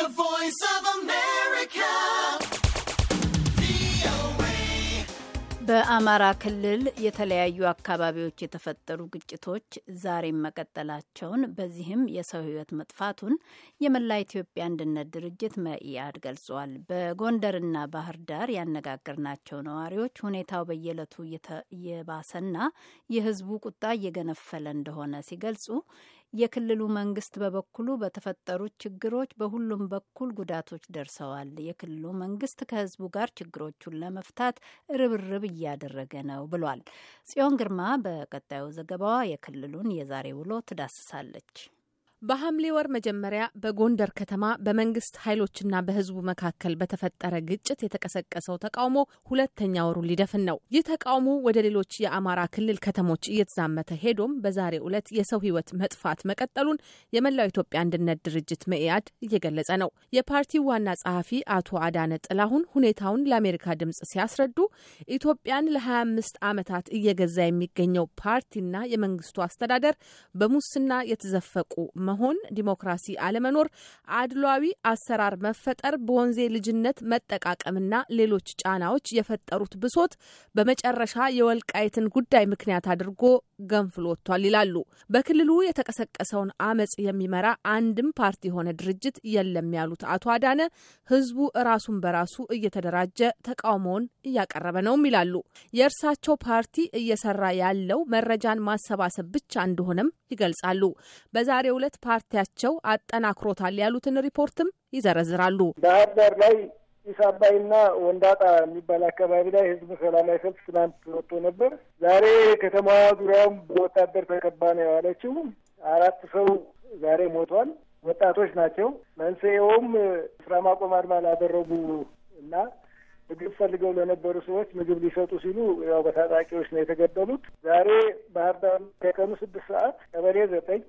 The Voice of America. በአማራ ክልል የተለያዩ አካባቢዎች የተፈጠሩ ግጭቶች ዛሬም መቀጠላቸውን በዚህም የሰው ሕይወት መጥፋቱን የመላ ኢትዮጵያ አንድነት ድርጅት መኢአድ ገልጿል። በጎንደርና ባህር ዳር ያነጋገርናቸው ነዋሪዎች ሁኔታው በየዕለቱ እየባሰና የሕዝቡ ቁጣ እየገነፈለ እንደሆነ ሲገልጹ የክልሉ መንግስት በበኩሉ በተፈጠሩት ችግሮች በሁሉም በኩል ጉዳቶች ደርሰዋል። የክልሉ መንግስት ከህዝቡ ጋር ችግሮቹን ለመፍታት ርብርብ እያደረገ ነው ብሏል። ጽዮን ግርማ በቀጣዩ ዘገባዋ የክልሉን የዛሬ ውሎ ትዳስሳለች። በሐምሌ ወር መጀመሪያ በጎንደር ከተማ በመንግስት ኃይሎችና በህዝቡ መካከል በተፈጠረ ግጭት የተቀሰቀሰው ተቃውሞ ሁለተኛ ወሩን ሊደፍን ነው። ይህ ተቃውሞ ወደ ሌሎች የአማራ ክልል ከተሞች እየተዛመተ ሄዶም በዛሬ ዕለት የሰው ህይወት መጥፋት መቀጠሉን የመላው ኢትዮጵያ አንድነት ድርጅት መኢአድ እየገለጸ ነው። የፓርቲው ዋና ጸሐፊ አቶ አዳነ ጥላሁን ሁኔታውን ለአሜሪካ ድምጽ ሲያስረዱ ኢትዮጵያን ለ25 ዓመታት እየገዛ የሚገኘው ፓርቲና የመንግስቱ አስተዳደር በሙስና የተዘፈቁ መሆን፣ ዲሞክራሲ አለመኖር፣ አድሏዊ አሰራር መፈጠር፣ በወንዜ ልጅነት መጠቃቀምና ሌሎች ጫናዎች የፈጠሩት ብሶት በመጨረሻ የወልቃይትን ጉዳይ ምክንያት አድርጎ ገንፍሎ ወጥቷል ይላሉ። በክልሉ የተቀሰቀሰውን አመጽ የሚመራ አንድም ፓርቲ የሆነ ድርጅት የለም ያሉት አቶ አዳነ ህዝቡ ራሱን በራሱ እየተደራጀ ተቃውሞውን እያቀረበ ነውም ይላሉ። የእርሳቸው ፓርቲ እየሰራ ያለው መረጃን ማሰባሰብ ብቻ እንደሆነም ይገልጻሉ። በዛሬው ዕለት ፓርቲያቸው አጠናክሮታል ያሉትን ሪፖርትም ይዘረዝራሉ። ባህር ዳር ላይ ጢስ አባይና ወንዳጣ የሚባል አካባቢ ላይ ህዝብ ሰላማዊ ሰልፍ ትናንት ወጥቶ ነበር። ዛሬ ከተማዋ ዙሪያውም በወታደር ተከባ ነው የዋለችው። አራት ሰው ዛሬ ሞቷል። ወጣቶች ናቸው። መንስኤውም ስራ ማቆም አድማ ላደረጉ እና ምግብ ፈልገው ለነበሩ ሰዎች ምግብ ሊሰጡ ሲሉ ያው በታጣቂዎች ነው የተገደሉት። ዛሬ ባህር ዳር ከቀኑ ስድስት ሰዓት ቀበሌ ዘጠኝ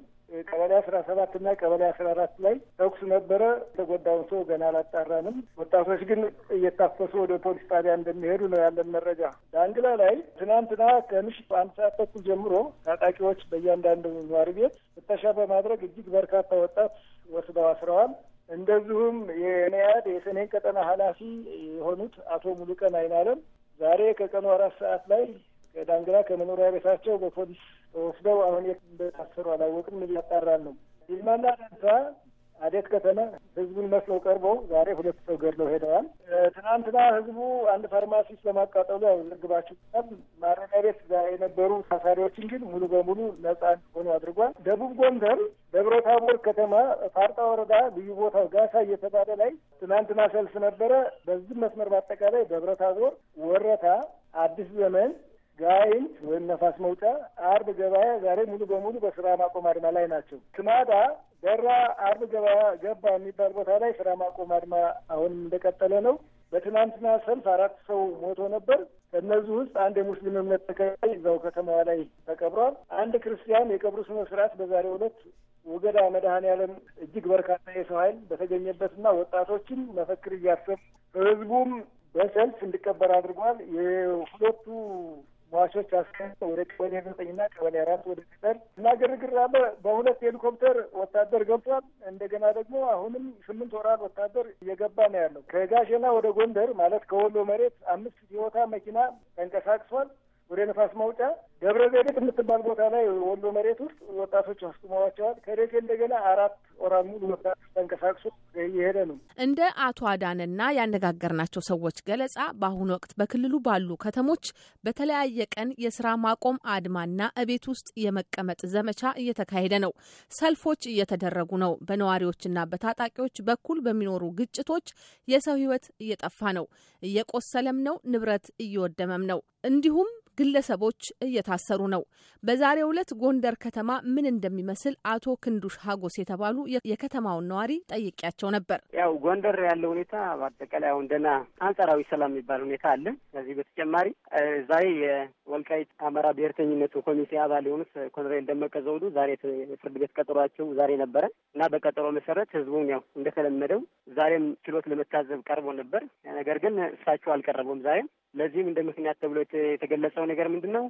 ቀበሌ አስራ ሰባት እና ቀበሌ አስራ አራት ላይ ተኩስ ነበረ። የተጎዳውን ሰው ገና አላጣራንም። ወጣቶች ግን እየታፈሱ ወደ ፖሊስ ጣቢያ እንደሚሄዱ ነው ያለን መረጃ። ዳንግላ ላይ ትናንትና ከምሽት አንድ ሰዓት ተኩል ጀምሮ ታጣቂዎች በእያንዳንዱ ኗሪ ቤት ፍተሻ በማድረግ እጅግ በርካታ ወጣት ወስደው አስረዋል። እንደዚሁም የኔያድ የሰሜን ቀጠና ኃላፊ የሆኑት አቶ ሙሉቀን አይናለም ዛሬ ከቀኑ አራት ሰዓት ላይ ከዳንግላ ከመኖሪያ ቤታቸው በፖሊስ ተወስደው አሁን የት እንደታሰሩ አላወቅም። እያጣራን ነው። ይልማና ደንሳ አዴት ከተማ ህዝቡን መስለው ቀርበው ዛሬ ሁለት ሰው ገድለው ሄደዋል። ትናንትና ህዝቡ አንድ ፋርማሲስ በማቃጠሉ ያው ዘግባችሁታል። ማረሚያ ቤት የነበሩ ታሳሪዎችን ግን ሙሉ በሙሉ ነጻ እንዲሆኑ አድርጓል። ደቡብ ጎንደር ደብረ ታቦር ከተማ ፋርጣ ወረዳ ልዩ ቦታው ጋሳ እየተባለ ላይ ትናንትና ሰልፍ ነበረ። በዚህ መስመር በአጠቃላይ ደብረ ታቦር፣ ወረታ፣ አዲስ ዘመን ጋይንት ወይም ነፋስ መውጫ፣ አርብ ገበያ ዛሬ ሙሉ በሙሉ በስራ ማቆም አድማ ላይ ናቸው። ትማዳ ደራ አርብ ገበያ ገባ የሚባል ቦታ ላይ ስራ ማቆም አድማ አሁንም እንደቀጠለ ነው። በትናንትና ሰልፍ አራት ሰው ሞቶ ነበር። ከእነዚህ ውስጥ አንድ የሙስሊም እምነት ተከታይ እዛው ከተማዋ ላይ ተቀብሯል። አንድ ክርስቲያን የቀብሩ ስነ ስርዓት በዛሬው ዕለት ወገዳ መድኃኔዓለም እጅግ በርካታ የሰው ኃይል በተገኘበትና ወጣቶችን መፈክር እያሰብ ህዝቡም በሰልፍ እንዲቀበር አድርጓል። የሁለቱ ሟቾች አስከ ወደ ቀበሌ ዘጠኝና ቀበሌ አራት ወደ ቅጠል እና ግርግር አለ። በሁለት ሄሊኮፕተር ወታደር ገብቷል። እንደገና ደግሞ አሁንም ስምንት ወራት ወታደር እየገባ ነው ያለው። ከጋሸና ወደ ጎንደር ማለት ከወሎ መሬት አምስት ሲወታ መኪና ተንቀሳቅሷል። ወደ ነፋስ ማውጫ ደብረ ዘይት የምትባል ቦታ ላይ ወሎ መሬት ውስጥ ወጣቶች አስቁመዋቸዋል። ከደሴ እንደገና አራት ወራት ሙሉ ወጣት ተንቀሳቅሶ እየሄደ ነው። እንደ አቶ አዳነና ያነጋገርናቸው ሰዎች ገለጻ በአሁኑ ወቅት በክልሉ ባሉ ከተሞች በተለያየ ቀን የስራ ማቆም አድማና እቤት ውስጥ የመቀመጥ ዘመቻ እየተካሄደ ነው። ሰልፎች እየተደረጉ ነው። በነዋሪዎችና በታጣቂዎች በኩል በሚኖሩ ግጭቶች የሰው ሕይወት እየጠፋ ነው፣ እየቆሰለም ነው፣ ንብረት እየወደመም ነው። እንዲሁም ግለሰቦች እየታሰሩ ነው። በዛሬው ዕለት ጎንደር ከተማ ምን እንደሚመስል አቶ ክንዱሽ ሀጎስ የተባሉ የከተማውን ነዋሪ ጠይቄያቸው ነበር። ያው ጎንደር ያለው ሁኔታ በአጠቃላይ አሁን ደህና አንጻራዊ ሰላም የሚባል ሁኔታ አለ። ከዚህ በተጨማሪ ዛሬ የወልቃይት አማራ ብሔርተኝነቱ ኮሚቴ አባል የሆኑት ኮሎኔል ደመቀ ዘውዱ ዛሬ ፍርድ ቤት ቀጠሯቸው ዛሬ ነበረ እና በቀጠሮ መሰረት ህዝቡን ያው እንደተለመደው ዛሬም ችሎት ለመታዘብ ቀርቦ ነበር። ነገር ግን እሳቸው አልቀረቡም ዛሬም ለዚህም እንደ ምክንያት ተብሎ የተገለጸው ነገር ምንድን ነው?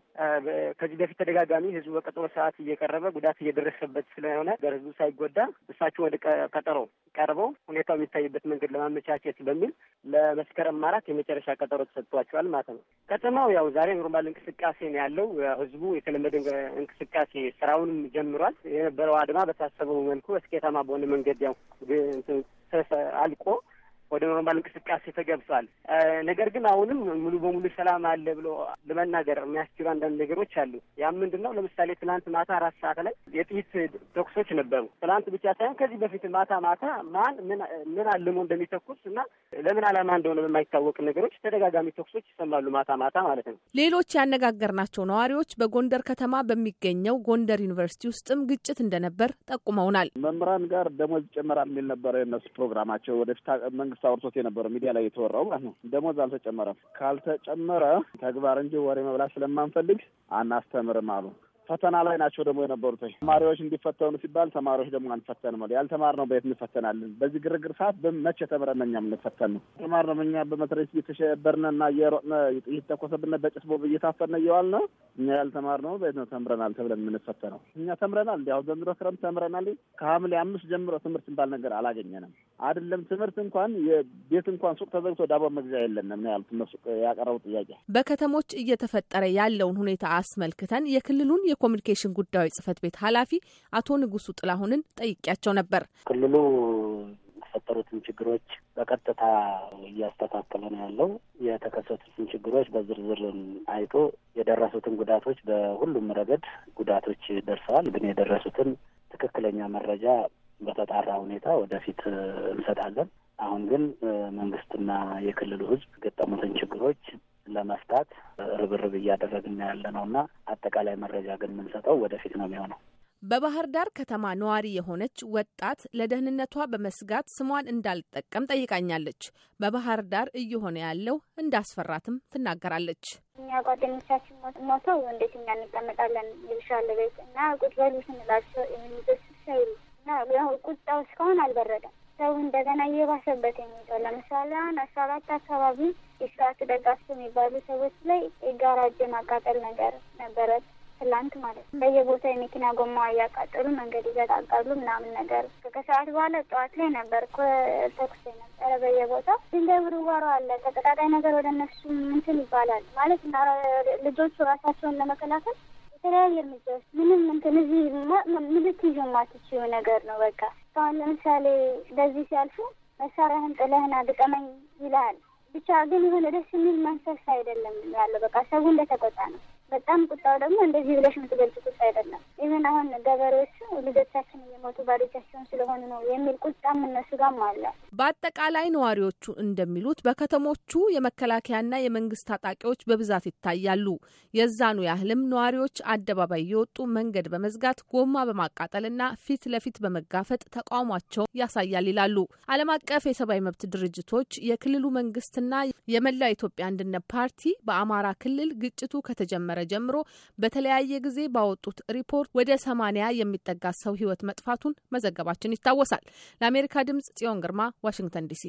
ከዚህ በፊት ተደጋጋሚ ህዝቡ በቀጠሮ ሰዓት እየቀረበ ጉዳት እየደረሰበት ስለሆነ ህዝቡ ሳይጎዳ እሳቸው ወደ ቀጠሮ ቀርበው ሁኔታው የሚታይበት መንገድ ለማመቻቸት በሚል ለመስከረም አራት የመጨረሻ ቀጠሮ ተሰጥቷቸዋል ማለት ነው። ከተማው ያው ዛሬ ኖርማል እንቅስቃሴ ነው ያለው። ህዝቡ የተለመደ እንቅስቃሴ ስራውንም ጀምሯል። የነበረው አድማ በታሰበው መልኩ ስኬታማ በሆነ መንገድ ያው አልቆ ወደ ኖርማል እንቅስቃሴ ተገብቷል። ነገር ግን አሁንም ሙሉ በሙሉ ሰላም አለ ብሎ ለመናገር የሚያስችሉ አንዳንድ ነገሮች አሉ። ያም ምንድን ነው? ለምሳሌ ትናንት ማታ አራት ሰዓት ላይ የጥይት ተኩሶች ነበሩ። ትናንት ብቻ ሳይሆን ከዚህ በፊት ማታ ማታ ማን ምን አልሞ እንደሚተኩስ እና ለምን ዓላማ እንደሆነ በማይታወቅ ነገሮች ተደጋጋሚ ተኩሶች ይሰማሉ። ማታ ማታ ማለት ነው። ሌሎች ያነጋገርናቸው ነዋሪዎች በጎንደር ከተማ በሚገኘው ጎንደር ዩኒቨርሲቲ ውስጥም ግጭት እንደነበር ጠቁመውናል። መምህራን ጋር ደሞዝ ይጨመራል የሚል ነበረ የነሱ ፕሮግራማቸው ወደፊት መንግስት አውርቶት የነበረው ሚዲያ ላይ የተወራው ማለት ነው። ደሞዝ አልተጨመረም። ካልተጨመረ ተግባር እንጂ ወሬ መብላት ስለማንፈልግ አናስተምርም አሉ። ፈተና ላይ ናቸው ደግሞ የነበሩት ተማሪዎች እንዲፈተኑ ሲባል ተማሪዎች ደግሞ አንፈተንም አሉ። ያልተማርነው በየት እንፈተናለን? በዚህ ግርግር ሰዓት በመቼ ተምረን እኛ የምንፈተን ነው? ተማርነው እኛ በመትረየስ እየተሸበርነ እና እየሮጥነ እየተኮሰብነ በጭስ ቦምብ እየታፈነ ነው። እኛ ያልተማርነው በየት ነው ተምረናል ተብለን የምንፈተነው? እኛ ተምረናል። እንዲያው ዘንድሮ ክረምት ተምረናል። ከሐምሌ አምስት ጀምሮ ትምህርት ባል ነገር አላገኘንም። አይደለም ትምህርት እንኳን የቤት እንኳን ሱቅ ተዘግቶ ዳቦ መግዚያ የለንም ነው ያሉት እነሱ ያቀረቡ ጥያቄ። በከተሞች እየተፈጠረ ያለውን ሁኔታ አስመልክተን የክልሉን የኮሚኒኬሽን ጉዳዮች ጽህፈት ቤት ኃላፊ አቶ ንጉሱ ጥላሁንን ጠይቂያቸው ነበር። ክልሉ የተፈጠሩትን ችግሮች በቀጥታ እያስተካከለ ነው ያለው። የተከሰቱትን ችግሮች በዝርዝር አይቶ የደረሱትን ጉዳቶች በሁሉም ረገድ ጉዳቶች ደርሰዋል። ግን የደረሱትን ትክክለኛ መረጃ በተጣራ ሁኔታ ወደፊት እንሰጣለን። አሁን ግን መንግስትና የክልሉ ህዝብ የገጠሙትን ችግሮች ለመፍታት ርብርብ እያደረግን ያለ ነው እና አጠቃላይ መረጃ ግን የምንሰጠው ወደፊት ነው የሚሆነው። በባህር ዳር ከተማ ነዋሪ የሆነች ወጣት ለደህንነቷ በመስጋት ስሟን እንዳልጠቀም ጠይቃኛለች። በባህር ዳር እየሆነ ያለው እንዳስፈራትም ትናገራለች። እኛ ጓደኞቻችን ሞተው እንዴት እኛ እንቀመጣለን ይልሻለ ቤት እና ቁጭ በሉ ስንላቸው የሚዘስሻ ይሉ እና ቁጣው እስካሁን አልበረደም። ሰው እንደገና እየባሰበት የሚሄደው ለምሳሌ አሁን አስራ አራት አካባቢ የስርዓት ደጋፊ የሚባሉ ሰዎች ላይ የጋራጅ ማቃጠል ነገር ነበረ። ትላንት ማለት ነው። በየቦታ የመኪና ጎማ እያቃጠሉ መንገድ ይዘጋጋሉ ምናምን ነገር። ከሰዓት በኋላ ጠዋት ላይ ነበር ተኩስ የነበረ በየቦታ ድንጋይ ውርዋሮ አለ። ተቀጣጣይ ነገር ወደ እነሱ ምንትን ይባላል ማለት ልጆቹ ራሳቸውን ለመከላከል የተለያየ እርምጃዎች ምንም እንትን እዚህ ምልክ ይዞ ማትችው ነገር ነው በቃ አሁን ለምሳሌ በዚህ ሲያልፉ መሳሪያህን ጥለህና ግጠመኝ ይላል። ብቻ ግን የሆነ ደስ የሚል መንፈስ አይደለም ያለው። በቃ ሰው እንደተቆጣ ነው። በጣም ቁጣው ደግሞ እንደዚህ ብለሽ የምትገልጽ ቁጣ አይደለም። ይህን አሁን ገበሬዎቹ ልጆቻችን እየሞቱ ባዶቻቸውን ስለሆኑ ነው የሚል ቁጣም እነሱ ጋም አለ። በአጠቃላይ ነዋሪዎቹ እንደሚሉት በከተሞቹ የመከላከያና የመንግስት ታጣቂዎች በብዛት ይታያሉ። የዛኑ ያህልም ነዋሪዎች አደባባይ የወጡ መንገድ በመዝጋት ጎማ በማቃጠልና ፊት ለፊት በመጋፈጥ ተቃውሟቸው ያሳያል ይላሉ። ዓለም አቀፍ የሰብአዊ መብት ድርጅቶች የክልሉ መንግስትና የመላው ኢትዮጵያ አንድነት ፓርቲ በአማራ ክልል ግጭቱ ከተጀመረ ከጀመረ ጀምሮ በተለያየ ጊዜ ባወጡት ሪፖርት ወደ ሰማኒያ የሚጠጋ ሰው ህይወት መጥፋቱን መዘገባችን ይታወሳል። ለአሜሪካ ድምጽ ጽዮን ግርማ ዋሽንግተን ዲሲ